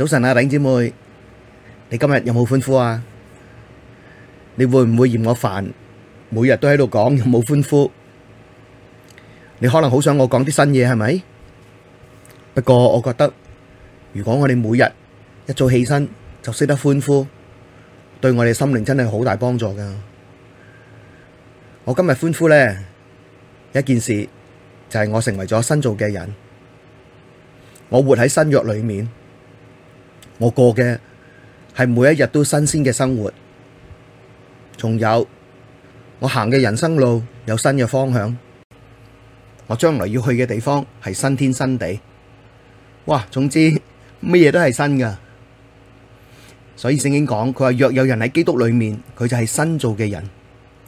早晨啊，頂姐妹，你今日有冇歡呼啊？你會唔會嫌我煩？每日都喺度講有冇歡呼？你可能好想我講啲新嘢係咪？不過我覺得，如果我哋每日一早起身就識得歡呼，對我哋心靈真係好大幫助噶。我今日歡呼呢，一件事就係我成為咗新造嘅人，我活喺新約裏面。我過嘅係每一日都新鮮嘅生活，仲有我行嘅人生路有新嘅方向，我將來要去嘅地方係新天新地，哇！總之乜嘢都係新㗎，所以聖經講，佢話，若有人喺基督裏面，佢就係新造嘅人，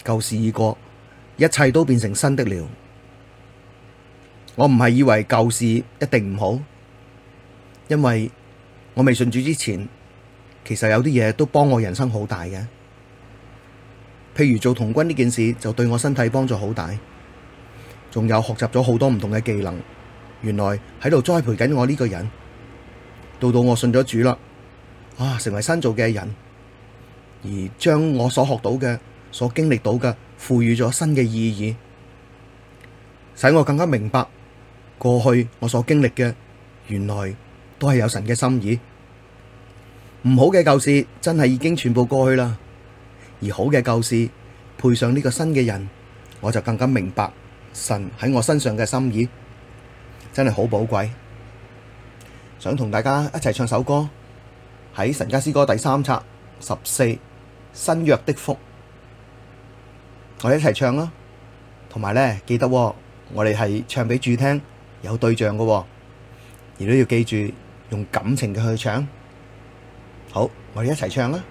舊事已過，一切都變成新的了。我唔係以為舊事一定唔好，因為。我未信主之前，其實有啲嘢都幫我人生好大嘅，譬如做童軍呢件事就對我身體幫助好大，仲有學習咗好多唔同嘅技能。原來喺度栽培緊我呢個人，到到我信咗主啦，啊，成為新造嘅人，而將我所學到嘅、所經歷到嘅，賦予咗新嘅意義，使我更加明白過去我所經歷嘅，原來都係有神嘅心意。唔好嘅舊事真係已經全部過去啦，而好嘅舊事配上呢個新嘅人，我就更加明白神喺我身上嘅心意，真係好寶貴。想同大家一齊唱一首歌，喺神家詩歌第三冊十四新約的福，我哋一齊唱啦。同埋呢，記得、哦、我哋係唱俾主聽，有對象嘅、哦，而都要記住用感情嘅去唱。好，我哋一齊唱啦！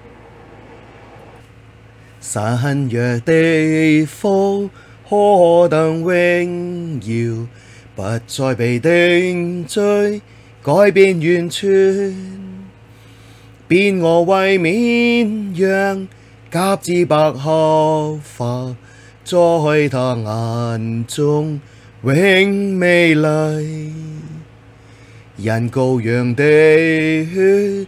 新約的福，何等榮耀，不再被定罪，改變完全。變我為綿羊，鴿子，百合花，在他眼中永美麗。因羔羊的血。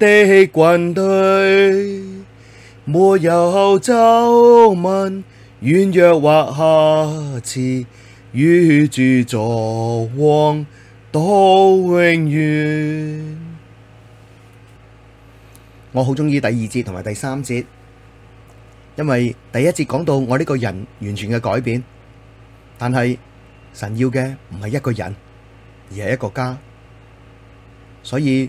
的軍隊沒有皺紋，軟弱或瑕疵，與主作王到永遠。我好中意第二節同埋第三節，因為第一節講到我呢個人完全嘅改變，但係神要嘅唔係一個人，而係一個家，所以。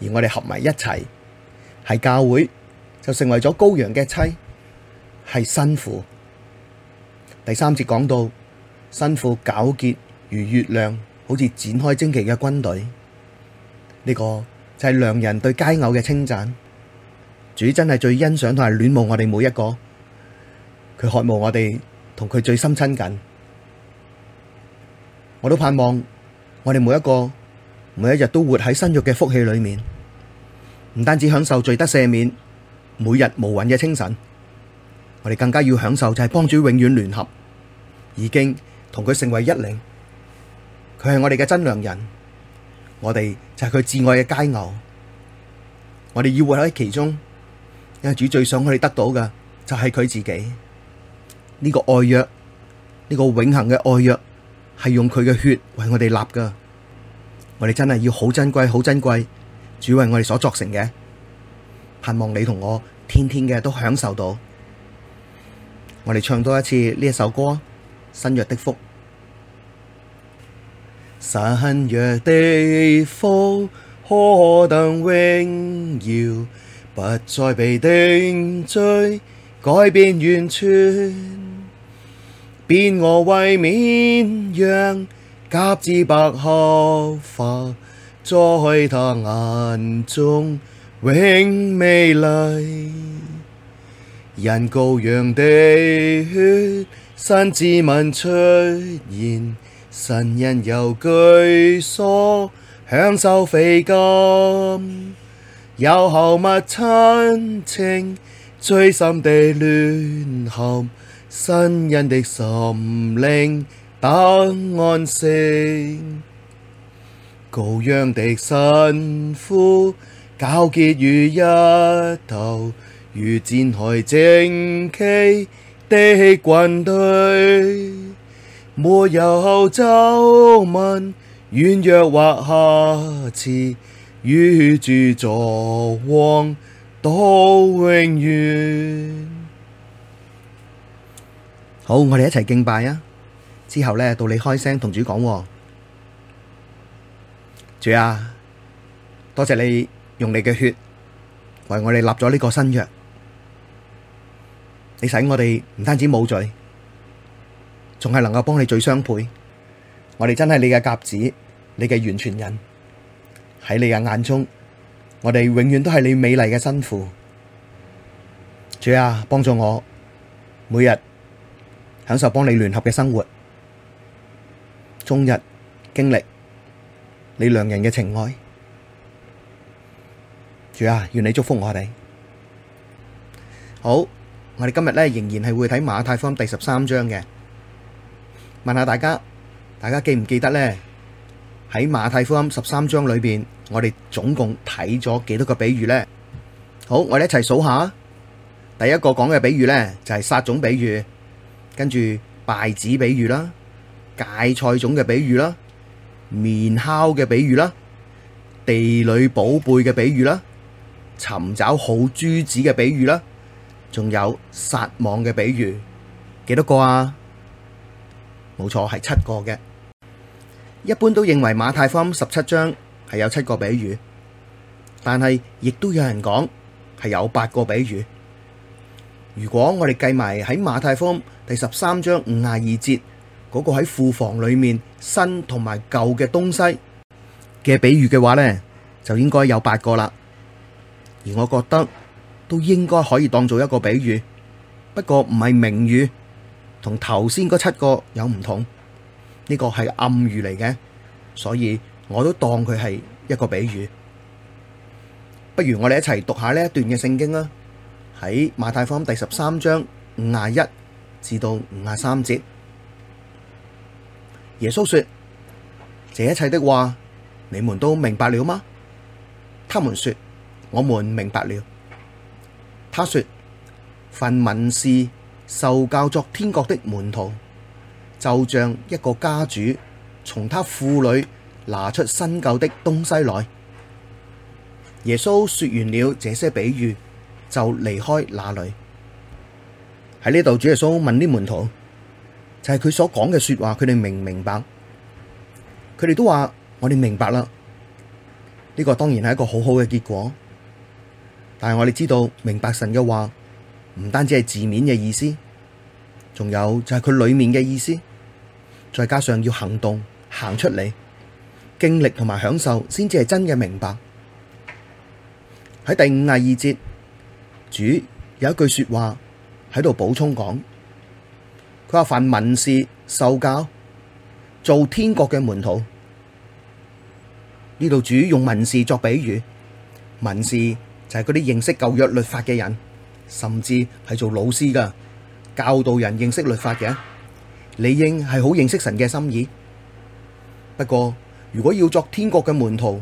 而我哋合埋一齊，係教會就成為咗羔羊嘅妻，係新婦。第三節講到新婦皎潔如月亮，好似展開旌旗嘅軍隊。呢個就係良人對佳偶嘅稱讚。主真係最欣賞同埋戀慕我哋每一個，佢渴望我哋同佢最深親近。我都盼望我哋每一個每一日都活喺新約嘅福氣裏面。唔單止享受罪得赦免，每日無雲嘅清晨，我哋更加要享受就係幫主永遠聯合，已經同佢成為一靈，佢係我哋嘅真良人，我哋就係佢至愛嘅佳偶，我哋要活喺其中。因主最想我哋得到嘅就係佢自己，呢、這個愛約，呢、這個永恆嘅愛約係用佢嘅血為我哋立嘅，我哋真係要好珍貴，好珍貴。主為我哋所作成嘅，盼望你同我天天嘅都享受到。我哋唱多一次呢一首歌《新約的福》。新約的福，何等榮耀，不再被定罪，改變完全，變我為綿羊，鴿子，百合花。在他眼中永美麗，因羔羊的血，神子民出現，神人有居所，享受肥甘，有厚密親情，最深的聯合，神人的心靈得安息。羔羊的新婦，皎潔如月亮，如展開旌旗的軍隊，沒有皺紋，軟弱或瑕疵，與主作王到永遠。好，我哋一齊敬拜啊！之後咧，到你開聲同主講喎。主啊，多謝你用你嘅血為我哋立咗呢個新約，你使我哋唔單止冇罪，仲係能夠幫你最相配。我哋真係你嘅鴿子，你嘅完全人喺你嘅眼中，我哋永遠都係你美麗嘅新婦。主啊，幫助我每日享受幫你聯合嘅生活，終日經歷。你良人嘅情愛，主啊，願你祝福我哋。好，我哋今日咧仍然係會睇馬太福音第十三章嘅。問下大家，大家記唔記得咧？喺馬太福音十三章裏邊，我哋總共睇咗幾多個比喻咧？好，我哋一齊數下。第一個講嘅比喻咧，就係撒種比喻，跟住稗子比喻啦，芥菜種嘅比喻啦。麵酵嘅比喻啦，地裏寶貝嘅比喻啦，尋找好珠子嘅比喻啦，仲有撒網嘅比喻，幾多個啊？冇錯，係七個嘅。一般都認為馬太福音十七章係有七個比喻，但係亦都有人講係有八個比喻。如果我哋計埋喺馬太福音第十三章五十二節。嗰個喺庫房裏面新同埋舊嘅東西嘅比喻嘅話呢，就應該有八個啦。而我覺得都應該可以當做一個比喻，不過唔係明喻，同頭先嗰七個有唔同。呢、這個係暗喻嚟嘅，所以我都當佢係一個比喻。不如我哋一齊讀一下呢一段嘅聖經啦。喺馬太福音第十三章五十一至到五十三節。耶穌說：這一切的話，你們都明白了嗎？他們說：我們明白了。他說：凡文士受教作天國的門徒，就像一個家主，從他庫裡拿出新舊的東西來。耶穌說完了這些比喻，就離開那裡。喺呢度，主耶穌問啲門徒，就係佢所講嘅說話，佢哋明唔明白？佢哋都話我哋明白啦。呢、這個當然係一個好好嘅結果，但係我哋知道明白神嘅話，唔單止係字面嘅意思，仲有就係佢裏面嘅意思，再加上要行動行出嚟，經歷同埋享受，先至係真嘅明白。喺第五啊二節，主有一句說話喺度補充講。佢話凡文士受教做天國嘅門徒，呢度主用文士作比喻，文士就係嗰啲認識舊約律法嘅人，甚至係做老師噶，教導人認識律法嘅，理應係好認識神嘅心意。不過如果要作天國嘅門徒，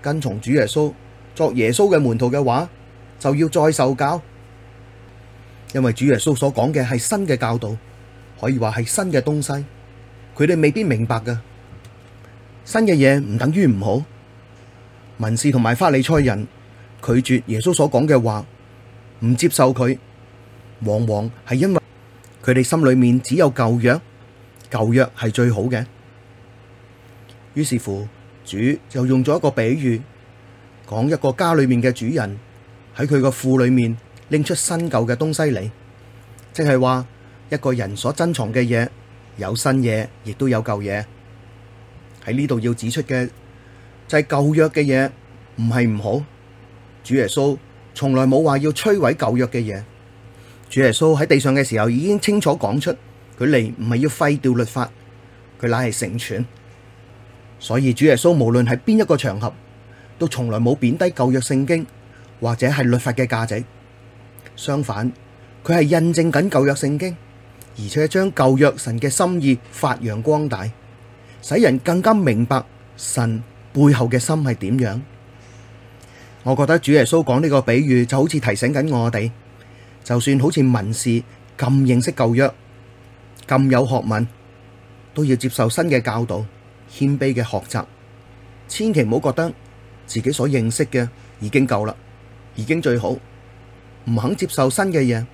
跟從主耶穌作耶穌嘅門徒嘅話，就要再受教，因為主耶穌所講嘅係新嘅教導。可以話係新嘅東西，佢哋未必明白㗎。新嘅嘢唔等於唔好。文士同埋法利賽人拒絕耶穌所講嘅話，唔接受佢，往往係因為佢哋心裏面只有舊約，舊約係最好嘅。於是乎，主就用咗一個比喻，講一個家裏面嘅主人喺佢個庫裏面拎出新舊嘅東西嚟，即係話。一個人所珍藏嘅嘢，有新嘢，亦都有舊嘢。喺呢度要指出嘅就係舊約嘅嘢唔係唔好。主耶穌從來冇話要摧毀舊約嘅嘢。主耶穌喺地上嘅時候已經清楚講出，佢嚟唔係要廢掉律法，佢乃係成全。所以主耶穌無論係邊一個場合，都從來冇貶低舊約聖經或者係律法嘅價值。相反，佢係印證緊舊約聖經。而且將舊約神嘅心意發揚光大，使人更加明白神背後嘅心係點樣。我覺得主耶穌講呢個比喻就好似提醒緊我哋，就算好似文士咁認識舊約，咁有學問，都要接受新嘅教導，謙卑嘅學習，千祈唔好覺得自己所認識嘅已經夠啦，已經最好，唔肯接受新嘅嘢。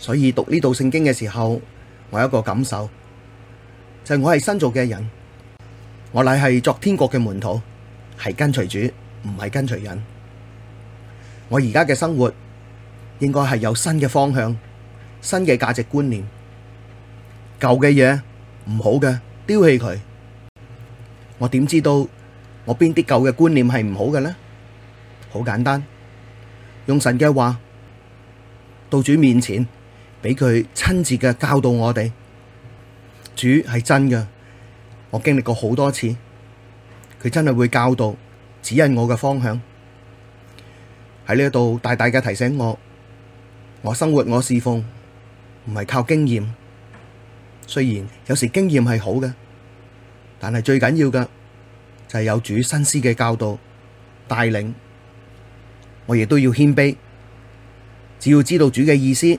所以讀呢度聖經嘅時候，我有一個感受，就係我係新造嘅人，我乃係作天國嘅門徒，係跟隨主，唔係跟隨人。我而家嘅生活應該係有新嘅方向、新嘅價值觀念，舊嘅嘢唔好嘅，丟棄佢。我點知道我邊啲舊嘅觀念係唔好嘅呢？好簡單，用神嘅話到主面前。俾佢親自嘅教導我哋。主係真嘅，我經歷過好多次，佢真係會教導指引我嘅方向，喺呢一度大大嘅提醒我，我生活我侍奉唔係靠經驗，雖然有時經驗係好嘅，但係最緊要嘅就係、是、有主新師嘅教導帶領，我亦都要謙卑，只要知道主嘅意思。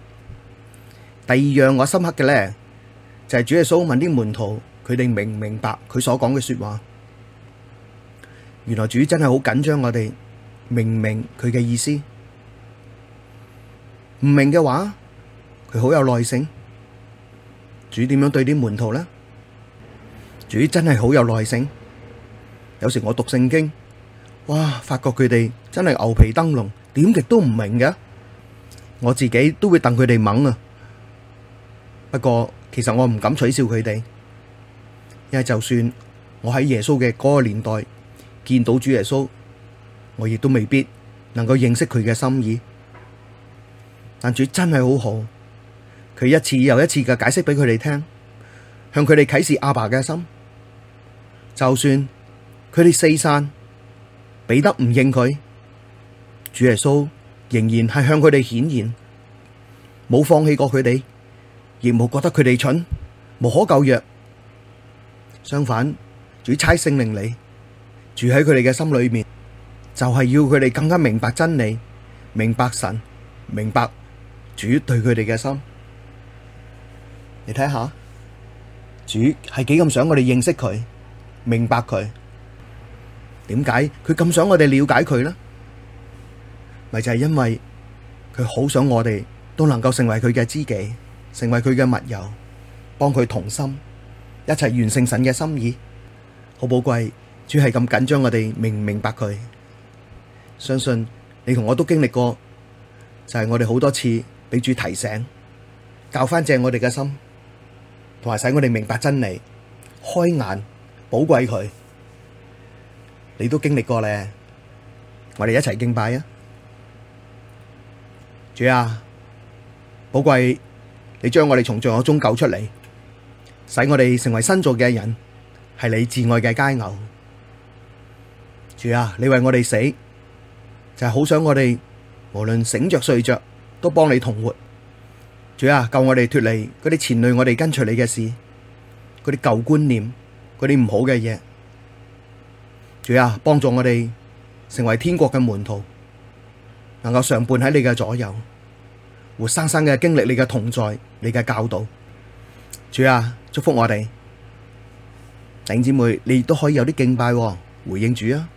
第二樣我深刻嘅咧，就係、是、主耶穌問啲門徒，佢哋明唔明白佢所講嘅說話？原來主真係好緊張我哋明唔明佢嘅意思？唔明嘅話，佢好有耐性。主點樣對啲門徒呢？主真係好有耐性。有時我讀聖經，哇，發覺佢哋真係牛皮燈籠，點極都唔明嘅。我自己都會瞪佢哋猛啊！不過其實我唔敢取笑佢哋，因為就算我喺耶穌嘅嗰個年代見到主耶穌，我亦都未必能夠認識佢嘅心意。但主真係好好，佢一次又一次嘅解釋俾佢哋聽，向佢哋啟示阿爸嘅心。就算佢哋四散，彼得唔認佢，主耶穌仍然係向佢哋顯現，冇放棄過佢哋。亦冇覺得佢哋蠢、無可救藥。相反，主差聖靈你住喺佢哋嘅心裏面，就係要佢哋更加明白真理，明白神，明白主對佢哋嘅心。你睇下，主係幾咁想我哋認識佢，明白佢。點解佢咁想我哋了解佢呢？咪就係因為佢好想我哋都能夠成為佢嘅知己。成為佢嘅密友，幫佢同心，一齊完成神嘅心意，好寶貴。主係咁緊張，我哋明唔明白佢？相信你同我都經歷過，就係我哋好多次俾主提醒，教翻正我哋嘅心，同埋使我哋明白真理，開眼寶貴佢。你都經歷過咧，我哋一齊敬拜啊！主啊，寶貴！你將我哋從罪惡中救出嚟，使我哋成為新造嘅人，係你至愛嘅佳偶。主啊，你為我哋死，就係好想我哋無論醒着睡着都幫你同活。主啊，救我哋脫離嗰啲纏累我哋跟隨你嘅事，嗰啲舊觀念，嗰啲唔好嘅嘢。主啊，幫助我哋成為天國嘅門徒，能夠常伴喺你嘅左右。活生生嘅經歷，你嘅同在，你嘅教導，主啊，祝福我哋，弟兄姊妹，你亦都可以有啲敬拜喎，回應主啊。